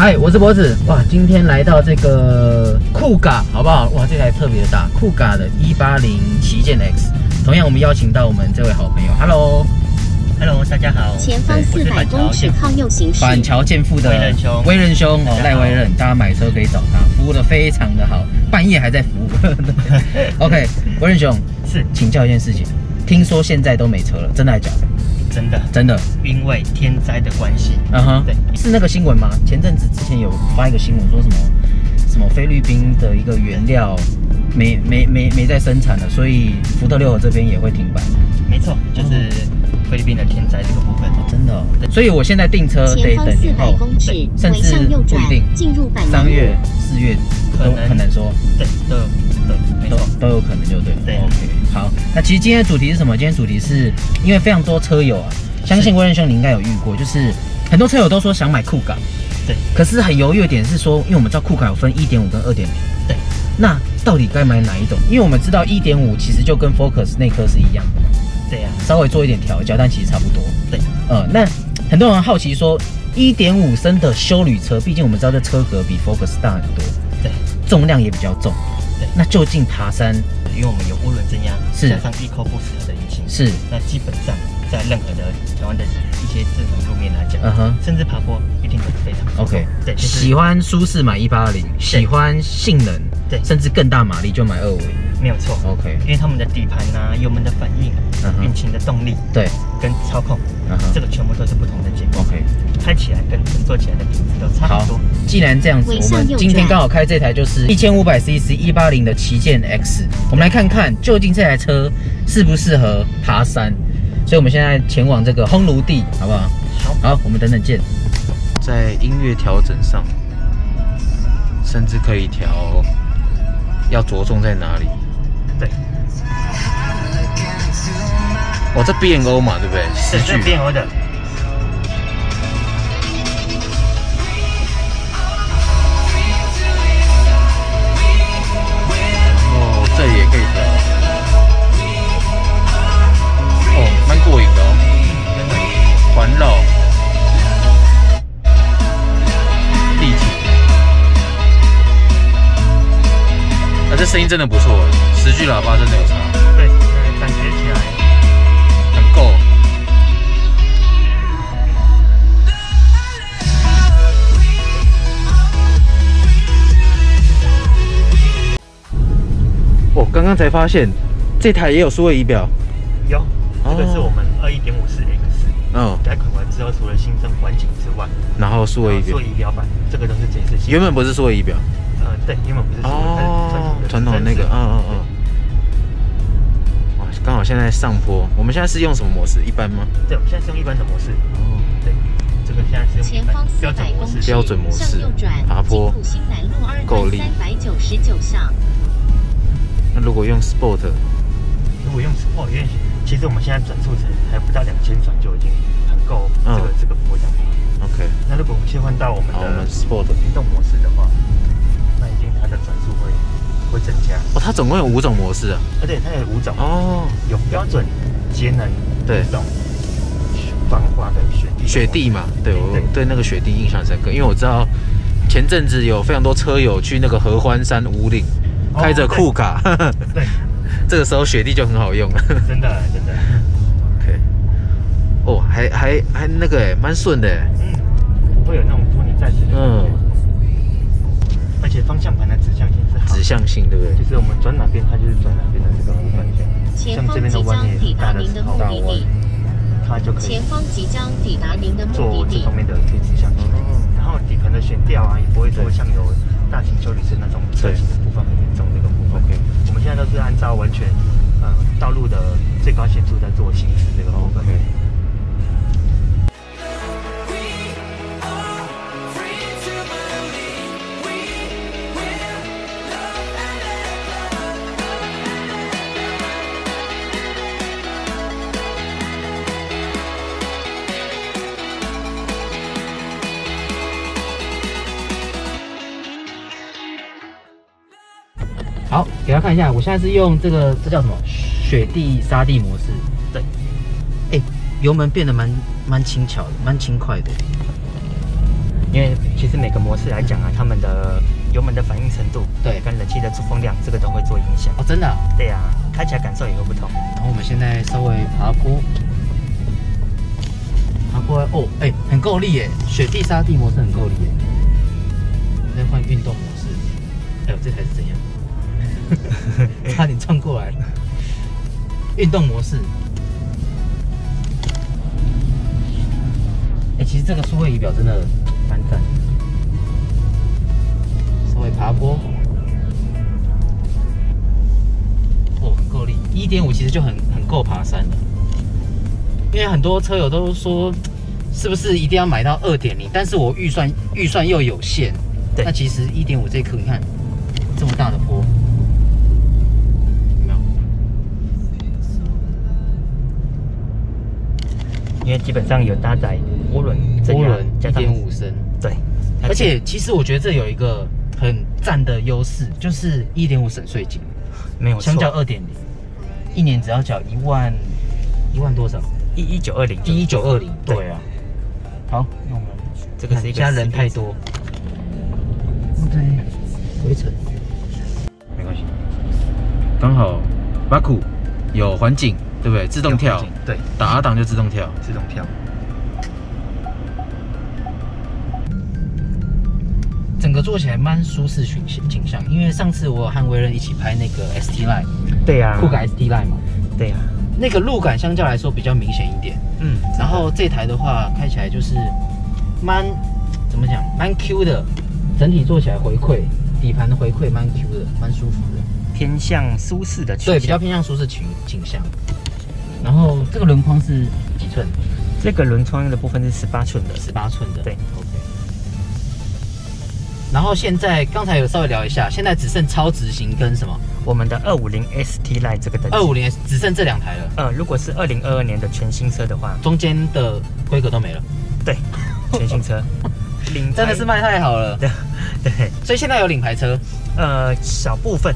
嗨，我是脖子。哇，今天来到这个酷嘎，好不好？哇，这台特别的大，酷嘎的180旗舰 X。同样，我们邀请到我们这位好朋友，Hello，Hello，大家好。前方四百公尺靠右行驶。板桥健富的威仁兄，威仁兄哦，赖威仁，大家买车可以找他，服务的非常的好，半夜还在服务。OK，威仁兄是请教一件事情，听说现在都没车了，真的假的？真的真的，因为天灾的关系，嗯哼，对，是那个新闻吗？前阵子之前有发一个新闻，说什么什么菲律宾的一个原料没没没没在生产了，所以福特六这边也会停摆。没错，就是菲律宾的天灾这个部分，真的。所以我现在订车得等，后，甚至不一定进入三月四月都可能说对，都有，没错都有可能就对。对。好，那其实今天的主题是什么？今天主题是因为非常多车友啊，相信威仁兄你应该有遇过，就是很多车友都说想买酷感，对。可是很犹豫的点是说，因为我们知道酷感有分一点五跟二点零，对。那到底该买哪一种？因为我们知道一点五其实就跟 Focus 那颗是一样的，对呀。稍微做一点调教，但其实差不多，对。呃，那很多人好奇说，一点五升的修旅车，毕竟我们知道这车格比 Focus 大很多，对。重量也比较重，对。那就近爬山。因为我们有涡轮增压，加上 EcoBoost 的引擎，是那基本上在任何的台湾的一些正常路面来讲，嗯哼，甚至爬坡一定都是非常 OK。对，喜欢舒适买一八零，喜欢性能对，甚至更大马力就买二五零，没有错。OK，因为他们的底盘呐，油门的反应。引擎的动力，对，跟操控，这个全部都是不同的结构。OK，开起来跟坐起来的品质都差很多。既然这样子，我们今天刚好开这台就是一千五百 cc 一八零的旗舰 X，我们来看看究竟这台车适不适合爬山。所以，我们现在前往这个亨奴地，好不好？好，好，我们等等见。在音乐调整上，甚至可以调，要着重在哪里？对。哦，这 N O 嘛，对不对？十句 N O 的。然这也可以的。哦，蛮过瘾的。环绕立体。啊，这声音真的不错，十句喇叭真的有差。刚刚才发现，这台也有数位仪表。有，这个是我们二一点五四 X。嗯。改款完之后，除了新增环境之外，然后数位仪表。数位仪表版，这个都是 JCC。原本不是数位仪表。呃，对，原本不是数位，是传统。传统那个，嗯嗯嗯。哇，刚好现在上坡。我们现在是用什么模式？一般吗？对，我们现在是用一般的模式。哦，对。这个现在是。前方三百公里。标准模式。向右转。新南路二段三百九十九巷。那如果用 Sport，如果用 Sport，因为其实我们现在转速才还不到两千转就已经很够这个这个负载了。OK。那如果我们切换到我们的 Sport 运动模式的话，那一定它的转速会会增加。哦，它总共有五种模式啊。对，它有五种哦，有标准、节能、运动、防滑的雪地、雪地嘛？对，我对那个雪地印象深刻，因为我知道前阵子有非常多车友去那个合欢山五岭。开着酷卡，对，这个时候雪地就很好用了。真的，真的。OK，哦，还还还那个哎，蛮顺的。嗯，不会有那种拖泥带水的感觉。嗯。而且方向盘的指向性是好。指向性对不对？就是我们转哪边，它就是转哪边的这个方向盘。前方即将抵达您的目的地。前方即将抵达您的目的地。这方面的一以指向性，然后底盘的悬吊啊，也不会说像有大型修理车那种车型。很严重这个部分。OK，我们现在都是按照完全，嗯，道路的最高限速在做行驶这个部分。好，给大家看一下，我现在是用这个，这叫什么？雪地、沙地模式。对，哎，油门变得蛮蛮轻巧的，蛮轻快的。因为其实每个模式来讲啊，他们的油门的反应程度，对，跟冷气的出风量，这个都会做影响。哦，真的？对呀，开起来感受也会不同。然后我们现在稍微爬坡，爬坡哦，哎，很够力耶！雪地、沙地模式很够力耶。我们再换运动模式，哎呦，这台是怎样？差点撞过来！运动模式。哎，其实这个数位仪表真的蛮赞。稍微爬坡，哦，很够力！一点五其实就很很够爬山因为很多车友都说，是不是一定要买到二点零？但是我预算预算又有限。对。那其实一点五这颗，你看这么大的坡。因为基本上有搭载涡轮，涡轮加点五升，对。而且其实我觉得这有一个很占的优势，就是一点五省税金，没有相较二点零，一年只要缴一万，一万多少？一一九二零，一一九二零。对啊。好，那我们这个谁家人太多？OK，回城。没关系，刚好巴库有环境。对不对？自动跳，对，打了档就自动跳，自动跳。整个坐起来蛮舒适景景象，因为上次我和威人一起拍那个 S T Line，对呀，酷改 S T Line 嘛，对呀，那个路感相较来说比较明显一点，嗯，然后这台的话开起来就是蛮怎么讲，蛮 Q 的，整体坐起来回馈，底盘回馈蛮 Q 的，蛮舒服的，偏向舒适的，对，比较偏向舒适区景象。然后这个轮框是几寸？这个轮框的部分是十八寸的，十八寸的。对，OK。然后现在刚才有稍微聊一下，现在只剩超值型跟什么？我们的二五零 ST Line 这个等级，二五零只剩这两台了。呃，如果是二零二二年的全新车的话，中间的规格都没了。对，全新车 领真的是卖太好了。对，对。所以现在有领牌车，呃，小部分，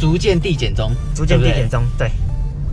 逐渐递减中，逐渐递减中，对。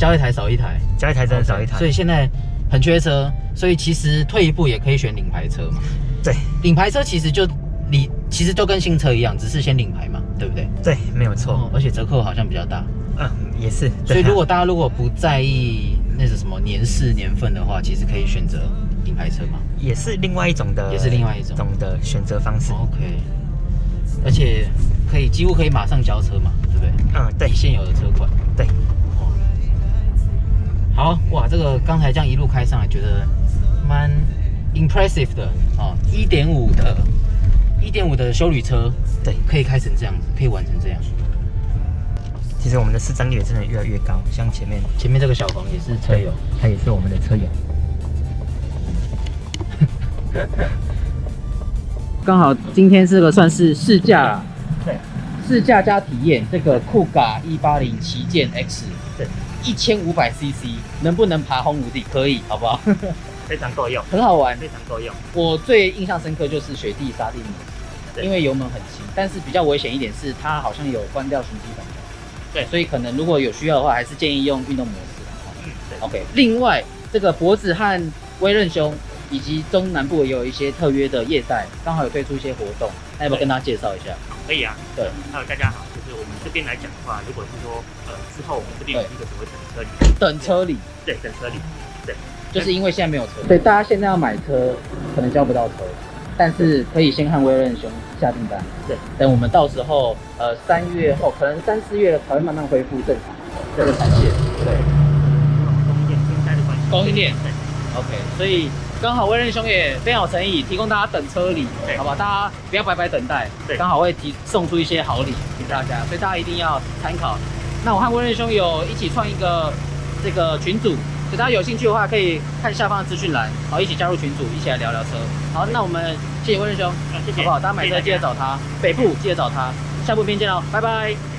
交一台少一台，交一台真的少一台，所以现在很缺车，所以其实退一步也可以选领牌车嘛。对，领牌车其实就你其实就跟新车一样，只是先领牌嘛，对不对？对，没有错，而且折扣好像比较大。嗯，也是。所以如果大家如果不在意那是什么年式年份的话，其实可以选择领牌车嘛。也是另外一种的，也是另外一种种的选择方式。OK，而且可以几乎可以马上交车嘛，对不对？嗯，对，现有的车款，对。好哇，这个刚才这样一路开上来，觉得蛮 impressive 的啊，一点五的，一点五的修旅车，对，可以开成这样子，可以玩成这样。其实我们的视障率真的越来越高，像前面前面这个小黄也是车友，他也是我们的车友。刚好今天这个算是试驾，对，试驾加体验这个酷咖一八零旗舰 X，对。一千五百 CC 能不能爬轰无地？可以，好不好？非常够用，很好玩，非常够用。我最印象深刻就是雪地、沙地模式，因为油门很轻，但是比较危险一点是它好像有关掉循迹功能。对，所以可能如果有需要的话，还是建议用运动模式。嗯，OK。另外，这个脖子和威刃胸以及中南部也有一些特约的液带，刚好有推出一些活动，那要不要跟大家介绍一下？可以啊。对那大家好。这边来讲的话，如果是说，呃，之后我们这边有一个只会等车里，等车里，对，等车里，对，就是因为现在没有车，对，大家现在要买车，可能交不到车，但是可以先和威润兄下订单，对，等我们到时候，呃，三月后，可能三四月才会慢慢恢复正常，这个产线，对，嗯，应链跟带路关系，工件，对，OK，所以。刚好温任兄也非常有诚意，提供大家等车礼，好吧？大家不要白白等待，刚好会提送出一些好礼给大家，所以大家一定要参考。那我和温任兄有一起创一个这个群组，所以大家有兴趣的话可以看下方的资讯栏，好，一起加入群组，一起来聊聊车。好，那我们谢谢温任兄，好，好不好？大家买车记得找他，北部记得找他，下部片见哦，拜拜。